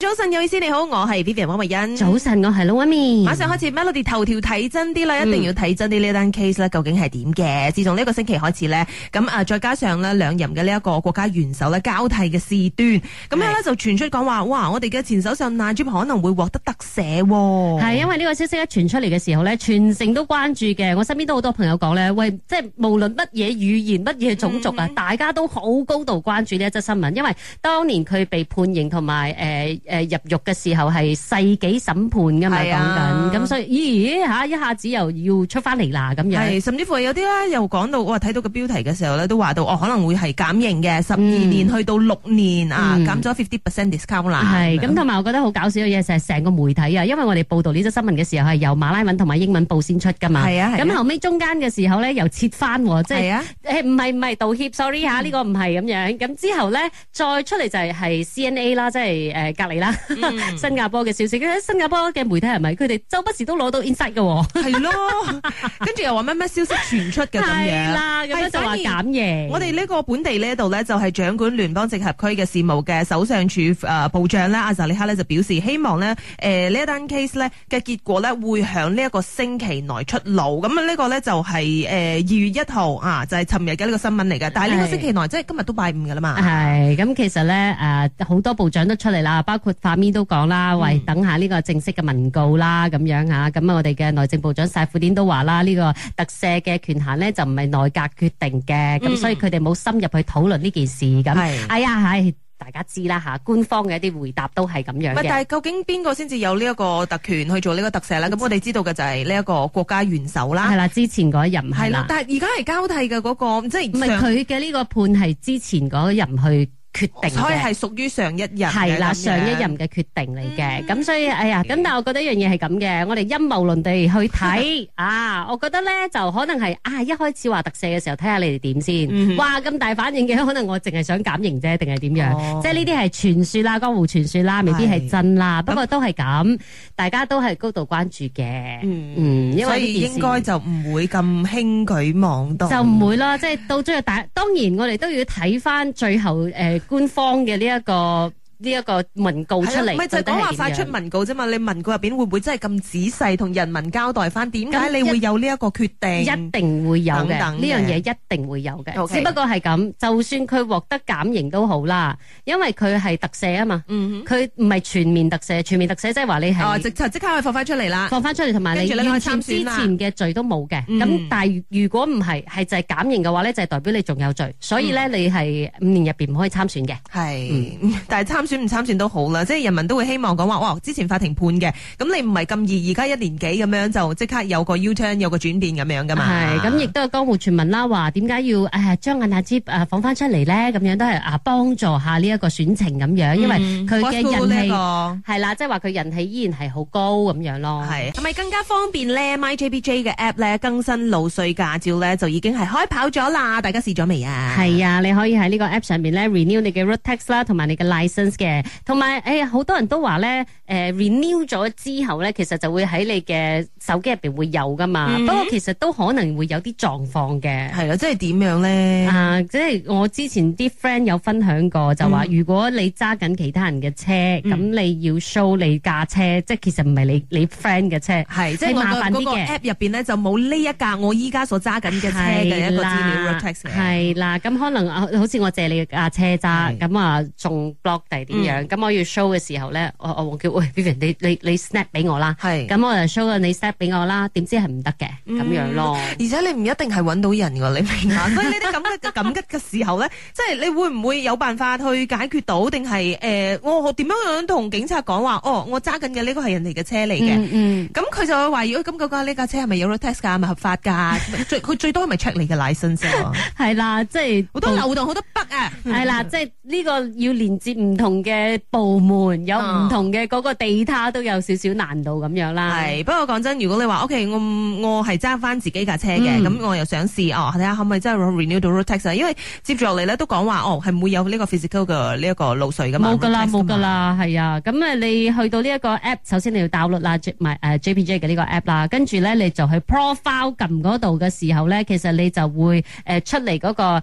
早晨，有意思你好，我係 Vivian 汪慧欣。早晨，我係 Lumi。馬上開始，Melody 頭條睇真啲啦、嗯，一定要睇真啲呢單 case 咧，究竟係點嘅？自從呢個星期開始咧，咁啊，再加上呢兩任嘅呢一個國家元首咧交替嘅事端，咁樣咧就傳出講話，哇！我哋嘅前首相 Najib 可能會獲得特赦。係，因為呢個消息一傳出嚟嘅時候咧，全城都關注嘅。我身邊都好多朋友講咧，喂，即係無論乜嘢語言、乜嘢種族啊、嗯嗯，大家都好高度關注呢一則新聞，因為當年佢被判刑同埋誒。呃誒入獄嘅時候係世紀審判㗎嘛，講緊咁，所以咦嚇一下子又要出翻嚟啦，咁樣，甚至乎有啲咧又講到，我睇到個標題嘅時候咧都話到哦，可能會係減刑嘅十二年去到六年啊，減咗 fifty percent discount 啦。係，咁同埋我覺得好搞笑嘅嘢就係成個媒體啊，因為我哋報導呢則新聞嘅時候係由馬來文同埋英文報先出㗎嘛，係啊，咁後尾中間嘅時候咧又切翻，即係誒唔係唔係道歉 sorry 嚇，呢個唔係咁樣，咁之後咧再出嚟就係係 CNA 啦，即係誒隔籬。啦、嗯、 新加坡嘅消息，新加坡嘅媒體係咪佢哋周不時都攞到 insight 噶、啊？係咯，跟 住又話乜乜消息傳出嘅咁嘅，啦， 咁就話減嘢。我哋呢個本地呢度呢，就係掌管聯邦直轄區嘅事務嘅首相署誒、呃、部長呢，阿扎里克呢就表示希望誒呢、呃、一單 case 呢嘅結果呢會響呢一個星期內出爐。咁啊呢個呢，就係誒二月一號啊，就係尋日嘅呢個新聞嚟嘅。但係呢個星期內，即係今日都拜五噶啦嘛。係，咁其實呢，誒、呃、好多部長都出嚟啦，包括。法面都講啦，喂，等下呢個正式嘅文告啦，咁、嗯、樣吓。咁啊，我哋嘅內政部長賽夫丁都話啦，呢、這個特赦嘅權限咧就唔係內閣決定嘅，咁、嗯、所以佢哋冇深入去討論呢件事咁。係，哎呀，係、哎、大家知啦嚇，官方嘅一啲回答都係咁樣。但係究竟邊個先至有呢一個特權去做呢個特赦咧？咁、嗯、我哋知道嘅就係呢一個國家元首啦，係啦，之前嗰一任係啦。但係而家係交替嘅嗰、那個，即係唔係佢嘅呢個判係之前嗰人去決定，所以係屬於上一任係啦，上一任嘅決定嚟嘅。咁所以，哎呀，咁但係我覺得一樣嘢係咁嘅。我哋陰謀論地去睇啊，我覺得咧就可能係啊，一開始話特赦嘅時候，睇下你哋點先。哇，咁大反應嘅，可能我淨係想減刑啫，定係點樣？即係呢啲係傳説啦，江湖傳説啦，未必係真啦。不過都係咁，大家都係高度關注嘅。嗯，因為所以應該就唔會咁輕舉妄動。就唔會啦，即係到最後大。當然我哋都要睇翻最後誒。官方嘅呢一個。呢、這、一個文告出嚟，咪就講話晒出文告啫嘛？你文告入邊會唔會真係咁仔細同人民交代翻點解你會有呢一個決定？一定會有嘅，呢樣嘢一定會有嘅。Okay. 只不過係咁，就算佢獲得減刑都好啦，因為佢係特赦啊嘛。佢唔係全面特赦，全面特赦、哦、即係話你係即刻即刻可以放翻出嚟啦，放翻出嚟，同埋你之前嘅罪都冇嘅。咁、嗯、但係如果唔係，係就係減刑嘅話咧，就係、是、代表你仲有罪，所以咧你係五年入邊唔可以參選嘅。係、嗯，但係參。選唔參選都好啦，即係人民都會希望講話，哇！之前法庭判嘅，咁你唔係咁易，而家一年幾咁樣就即刻有個 U-turn，有個轉變咁樣噶嘛？係咁亦都係江湖傳聞啦，話點解要誒將晏亞芝誒放翻出嚟咧？咁樣都係啊幫助下呢一個選情咁樣，因為佢、嗯、嘅人氣、這個係啦，即係話佢人氣依然係好高咁樣咯。係係咪更加方便咧？MyJPJ 嘅 app 咧更新路稅駕照咧就已經係開跑咗啦，大家試咗未啊？係啊，你可以喺呢個 app 上面咧 renew 你嘅 road tax 啦，同埋你嘅 license。嘅，同、欸、埋，哎呀，好多人都話咧，誒、呃、renew 咗之後咧，其實就會喺你嘅手機入面會有㗎嘛、嗯。不過其實都可能會有啲狀況嘅。係啦，即係點樣咧？啊，即係我之前啲 friend 有分享過，就話如果你揸緊其他人嘅車，咁、嗯、你要 show 你架、嗯、車，即係其實唔係你你 friend 嘅車，係即係我個 app 入面咧就冇呢一架我依家所揸緊嘅車嘅一個資料。係啦，係啦，咁可能好似我借你架車揸，咁啊仲 block 第。咁、嗯、我要 show 嘅時候咧，我我叫喂 Vivian 你你你 snap 俾我啦。咁我就 show 你 snap 俾我啦。點知係唔得嘅咁樣咯。而且你唔一定係揾到人㗎，你明嘛？所以呢啲咁急嘅咁急嘅時候咧，即、就、係、是、你會唔會有辦法去解決到？定係誒我點樣樣同警察講話？哦，我揸緊嘅呢個係人哋嘅車嚟嘅。咁、嗯、佢、嗯、就會懷疑，咁嗰架呢架車係咪有咗 test 㗎？係咪合法㗎？ 最佢最多咪 check 你嘅 license。係啦，即係好多漏洞，好多北啊。係 啦，即係呢個要連接唔同嘅部門有唔同嘅嗰個地他都有少少難度咁樣啦。係，不過講真，如果你話 OK，我我係揸翻自己架車嘅，咁、嗯、我又想試哦，睇下可唔可以真係 renew 到 road tax 因為接住落嚟咧都講話哦，係唔會有呢個 physical 嘅呢一個路水噶嘛。冇噶啦，冇噶啦。係啊，咁啊，你去到呢一個 app，首先你要 download 啦，唔係 JPJ 嘅呢個 app 啦，跟住咧你就去 profile 撳嗰度嘅時候咧，其實你就會誒出嚟嗰個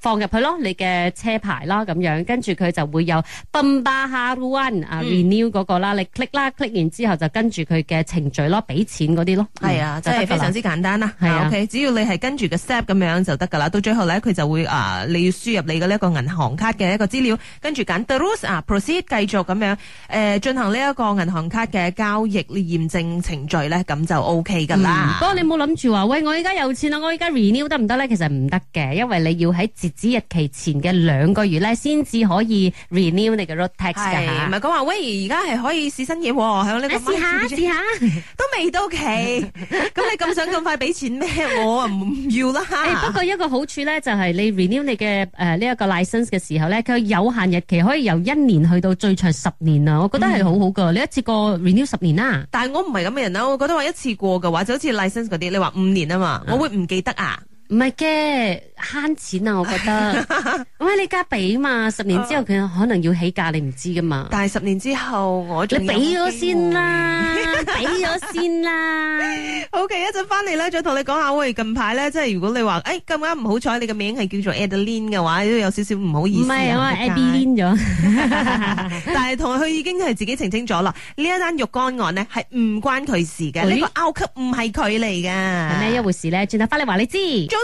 放入去咯，你嘅車牌啦咁樣，跟住佢就會有 Bumbar Hard One、嗯、啊 Renew 嗰個啦，你 click 啦 click 完之後就跟住佢嘅程序咯，俾錢嗰啲咯，係、嗯、啊，真係非常之簡單啦。係啊，啊啊 okay，只要你係跟住個 step 咁樣就得㗎啦。到最後咧，佢就會啊你要輸入你嘅呢一個銀行卡嘅一個資料，跟住揀 The Rose 啊 Proceed 繼續咁樣誒進、呃、行呢一個銀行卡嘅交易驗證程序咧，咁就 OK 㗎啦。不、嗯、過你冇諗住話，喂我依家有錢啦，我依家 Renew 得唔得咧？其實唔得嘅，因為你要喺指日期前嘅兩個月咧，先至可以 renew 你嘅 road tax 噶吓，唔係講話喂，而家係可以試新嘢喎、啊，喺呢個，你試下試、啊、下，都未到期，咁 你咁想咁 快俾錢咩？我啊唔要啦。不過一個好處咧，就係、是、你 renew 你嘅誒呢一個 license 嘅時候咧，佢有限日期可以由一年去到最長十年啊，我覺得係好好噶、嗯，你一次過 renew 十年啦。但係我唔係咁嘅人啊，我覺得話一次過嘅話，就好似 license 嗰啲，你話五年啊嘛、嗯，我會唔記得啊。唔係嘅，慳錢啊！我覺得 喂，你家俾嘛，十年之後佢可能要起價，你唔知噶嘛。但係十年之後我你俾咗先啦，俾 咗先啦。OK，一陣翻嚟咧，再同你講下喂，近排咧，即係如果你話誒，咁啱唔好彩，你嘅名係叫做 Adeline 嘅話，都有少少唔好意思。唔係我 Adeline 咗，但係同佢已經係自己澄清咗啦。呢一單肉乾案咧係唔關佢事嘅，你、哎這個 o u 唔係佢嚟噶。咩一回事咧？轉頭翻嚟話你知。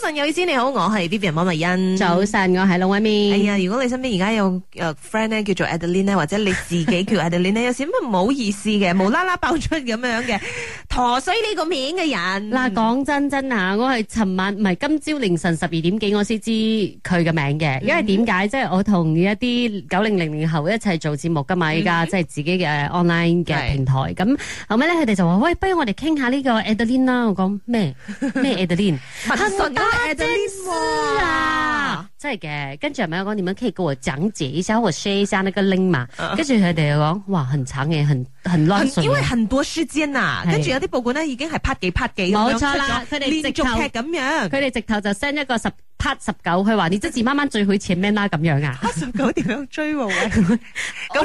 早晨，有意思你好，我係 B B 魔麗欣。早晨，我係老威面。哎呀，如果你身邊而家有誒 friend 咧，叫做 Adeline，或者你自己叫 Adeline 有少咩唔好意思嘅，無啦啦爆出咁樣嘅。 陀衰呢個名嘅人，嗱講真真吓，我係尋晚唔係今朝凌晨十二點幾，mm -hmm. 就是、我先知佢嘅名嘅，因為點解？即係我同一啲九零零零後一齊做節目噶嘛，依家即係自己嘅 online 嘅平台。咁、mm -hmm. 後尾咧，佢哋就話喂，不如我哋傾下呢個 Adeline 啦。我講咩咩 Adeline？哈 蘇 Adeline 啊！ 真係嘅，跟住阿咪又講，你們可以給我講解一下，我 share 一下呢個 link 嘛。Uh, 跟住佢哋又講，哇，很長嘅，很很亂很，因為很多時間啦、啊。跟住有啲報告咧，已經係拍幾拍幾咁樣出咗，連續咁樣，佢哋直頭就 send 一個十。part 19，佢話你即字慢慢追佢前面啦，咁樣啊？part 19點樣追喎、啊？咁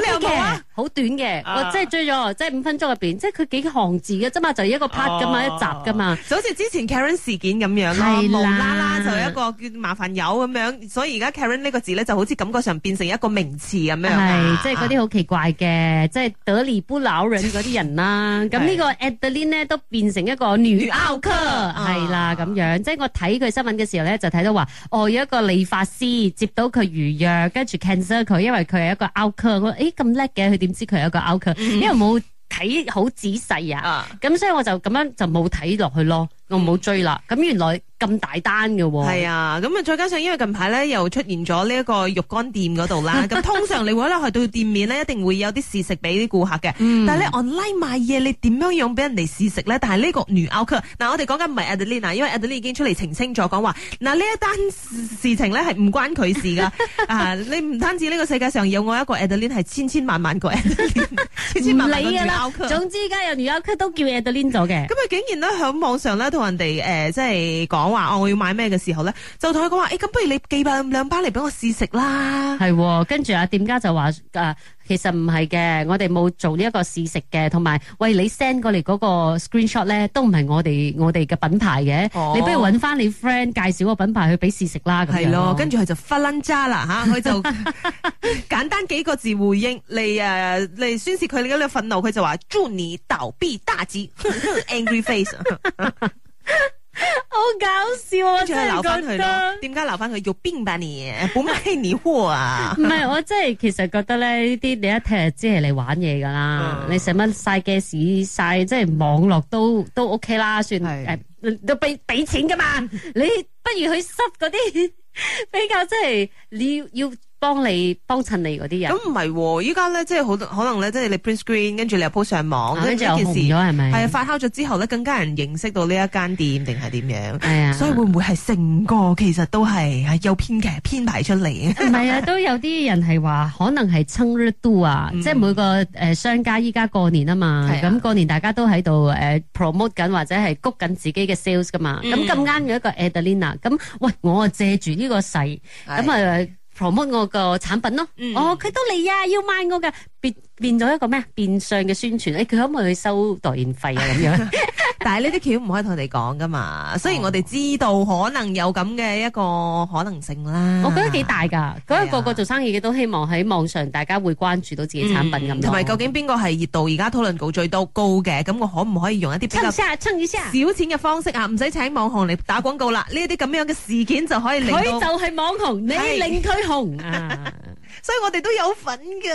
你有冇、okay，啊？好短嘅，uh. 我即係追咗，即係五分鐘入邊，即係佢幾行字嘅啫嘛，就是、一個 part 噶嘛，uh. 一集噶嘛，就好似之前 Karen 事件咁樣啦，無啦啦就一個叫麻煩友咁樣，所以而家 Karen 呢個字咧就好似感覺上變成一個名詞咁樣。係，即係嗰啲好奇怪嘅，即係得理不饒人嗰啲人啦、啊。咁 呢個 Adeline 咧都變成一個女奧客係啦咁樣。即、就、係、是、我睇佢新聞嘅時候咧，就睇到話。我、哦、有一個理髮師接到佢預約，跟住 cancel 佢，因為佢係一個 outcome，我話誒咁叻嘅，佢點知佢係一個 outcome？因為冇睇好仔細啊，咁、啊、所以我就咁樣就冇睇落去咯。我唔好追啦，咁原來咁大單嘅喎，哦。係啊，咁啊再加上因為近排咧又出現咗呢一個肉乾店嗰度啦，咁 通常你會咧去到店面咧一定會有啲試食俾啲顧客嘅，嗯，但係咧 online 賣嘢你點樣樣俾人哋試食咧？但係呢個女 outcut 嗱我哋講緊唔係 Adeline 啊，Adeline，因為 Adeline 已經出嚟澄清咗，講話嗱呢一單事情咧係唔關佢事噶， 啊，你唔單止呢個世界上有我一個 Adeline 係千千萬萬個 Adeline， 千千萬萬嘅 outcut 總之而家有 outcut 都叫 Adeline 咗嘅。咁 啊竟然響網上呢人哋誒、呃，即係講話，我要買咩嘅時候咧，就同佢講話，誒、欸，咁不如你寄埋兩包嚟俾我試食啦。係，跟住阿、啊、店家就話，誒、啊，其實唔係嘅，我哋冇做呢一個試食嘅，同埋，喂，你 send 過嚟嗰個 screenshot 咧，都唔係我哋我哋嘅品牌嘅，、哦，你不如搵翻你 friend 介紹個品牌去俾試食啦。咁樣，係咯，跟住佢就 fire 啦吓，佢 就簡單幾個字回應 你啊，嚟宣泄佢而家憤怒，佢就話祝你 倒 閉大吉 angry face。 好搞笑，真係留翻佢咯？點解留翻佢？有病吧你？唔 係你貨啊？唔 係，我真係其實覺得咧，呢啲你一睇就知係嚟玩嘢噶啦。嗯、你成蚊晒嘅 a 晒，即係網絡都都 OK 啦，算係、呃、都俾俾錢噶嘛。 你不如去塞嗰啲比較即、就、係、是、你要。要幫你幫襯你嗰啲人，咁唔係依家咧，即係好多可能咧，即係你 print screen，跟住你 post 上網，跟、啊、住件事，係啊，發酵咗之後咧，更加人認識到呢一間店定係點樣，係啊，所以會唔會係成個其實都係有編劇編排出嚟嘅？唔係啊，都有啲人係話， 可能係趁熱度啊，即係每個誒商家依家過年啊嘛，咁過年大家都喺度誒 promote 緊或者係谷緊自己嘅 sales 噶嘛，咁咁啱有一個 Adelina，咁喂我啊借住呢個勢，咁啊。promote 我個產品咯，嗯，哦佢都嚟啊，要賣我噶變變咗一個咩變相嘅宣傳，誒、欸、佢可唔可以去收代言費啊咁樣？ 但係呢啲嘢唔可以同你哋講噶嘛，雖然我哋知道可能有咁嘅一個可能性啦。哦、我覺得幾大噶，覺得個個做生意嘅都希望喺網上大家會關注到自己產品咁。同、嗯、埋究竟邊個係熱度而家討論度最多高嘅？咁我可唔可以用一啲，趁先啊，趁小錢嘅方式啊，唔使請網紅嚟打廣告啦。呢啲咁樣嘅事件就可以令佢就係網紅，你令佢紅、啊 所以我哋都有份噶，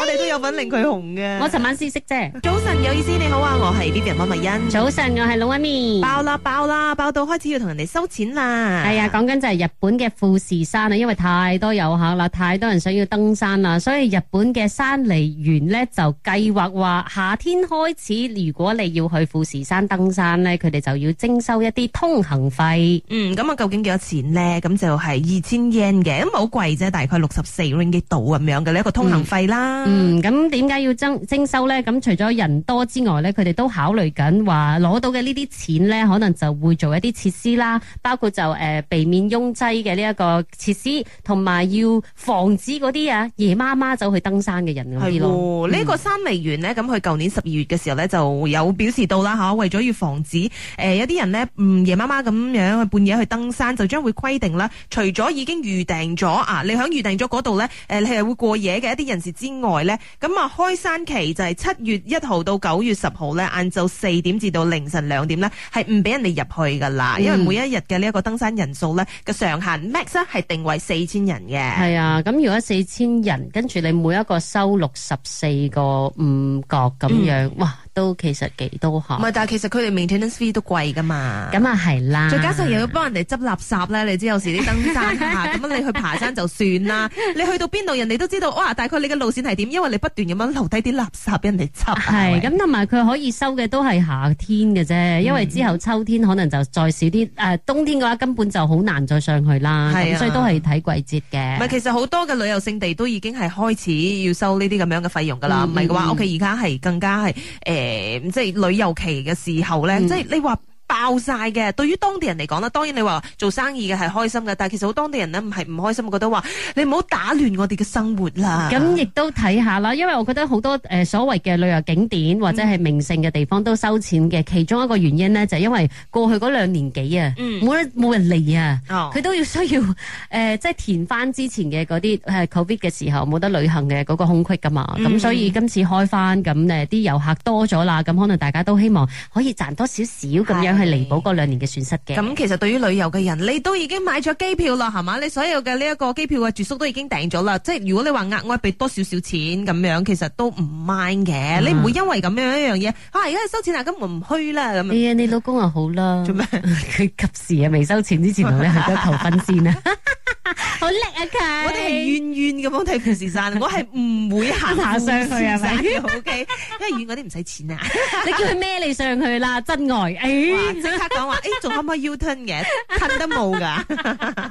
我哋都有份令佢紅嘅。我尋晚先識啫。早晨有意思，你好啊，我係 B B 媽咪欣。早晨，我係老媽咪。爆啦爆啦，爆到開始要同人哋收錢啦。係啊，講緊就係日本嘅富士山啊，因為太多遊客啦，太多人想要登山啦，所以日本嘅山梨縣咧就計劃話夏天開始，如果你要去富士山登山咧，佢哋就要徵收一啲通行費。嗯，咁、嗯、啊，究竟幾多錢咧？咁就係二千日圓嘅，咁好貴啫，大概六十四咁樣嘅一個通行費啦。嗯，咁點解要徵徵收呢？咁除咗人多之外呢，佢哋都考慮緊話攞到嘅呢啲錢呢，可能就會做一啲設施啦，包括就誒、呃、避免擁擠嘅呢一個設施，同埋要防止嗰啲啊夜媽媽走去登山嘅人咁啲咯。呢、嗯這個山梨縣呢，咁佢舊年十二月嘅時候呢，就有表示到啦，吓為咗要防止誒、呃、有啲人呢，唔、呃、夜媽媽咁樣半夜去登山，就將會規定啦。除咗已經預定咗啊，你響預定咗嗰度呢。誒，你係會過夜嘅一啲人士之外咧，咁啊，開山期就係七月一號到九月十號咧，晏晝四點至到凌晨兩點咧，係唔俾人哋入去噶啦，因為每一日嘅呢一個登山人數咧嘅上限，嗯、Max 係定為四千人嘅。係啊，咁如果四千人，跟住你每一個收六十四個五角咁樣，嗯，哇！都其實幾多吓，唔係，但係其實佢哋 maintenance fee 都貴噶嘛，咁啊係啦，再加上又要幫人哋執垃圾咧，你知有時啲登山客咁 你去爬山就算啦， 你去到邊度人哋都知道，哇，大概你嘅路線係點，因為你不斷咁樣留低啲垃圾俾人哋執，啊，係咁同埋佢可以收嘅都係夏天嘅啫，因為之後秋天可能就再少啲，誒，嗯呃，冬天嘅話根本就好難再上去啦，咁、啊、所以都係睇季節嘅。唔係，其實好多嘅旅遊勝地都已經係開始要收呢啲咁樣嘅費用噶啦，唔係嘅話，我哋而家係更加係誒。欸誒即係旅遊期嘅時候咧、嗯，即係你話。爆晒嘅，對於當地人嚟講啦，當然你話做生意嘅係開心嘅，但其實好當地人呢，唔係唔開心，覺得話你唔好打亂我哋嘅生活啦。咁亦都睇下啦，因為我覺得好多誒、呃、所謂嘅旅遊景點或者係名勝嘅地方都收錢嘅，嗯，其中一個原因呢，就係，因為過去嗰兩年幾、嗯、啊，冇人冇人嚟啊，佢都要需要誒、呃、即係填翻之前嘅嗰啲 COVID 嘅時候冇得旅行嘅嗰個空隙㗎嘛，咁、嗯、所以今次開翻咁啲遊客多咗啦，咁可能大家都希望可以賺多少少咁樣。係彌補嗰兩年嘅損失嘅。咁、嗯、其實對於旅遊嘅人，你都已經買咗機票啦，係嘛？你所有嘅呢一個機票嘅住宿都已經訂咗啦。即係如果你話額外俾多少少錢咁樣，其實都唔 mind 嘅、嗯。你唔會因為咁樣一樣嘢啊而家收錢啊，根本唔虛啦咁。係、欸、你老公又好啦，做咩？佢及時啊，未收錢之前 你去得求婚先啊。 好 叻啊佢！我哋係遠遠噉樣睇富士山， 我係唔會下 爬上去啊，係咪？O K，因為遠嗰啲唔使錢啊 你叫佢孭你上去啦，真愛！哎，即 刻講話，哎、欸，仲可唔可以 U turn 嘅？turn 得冇噶。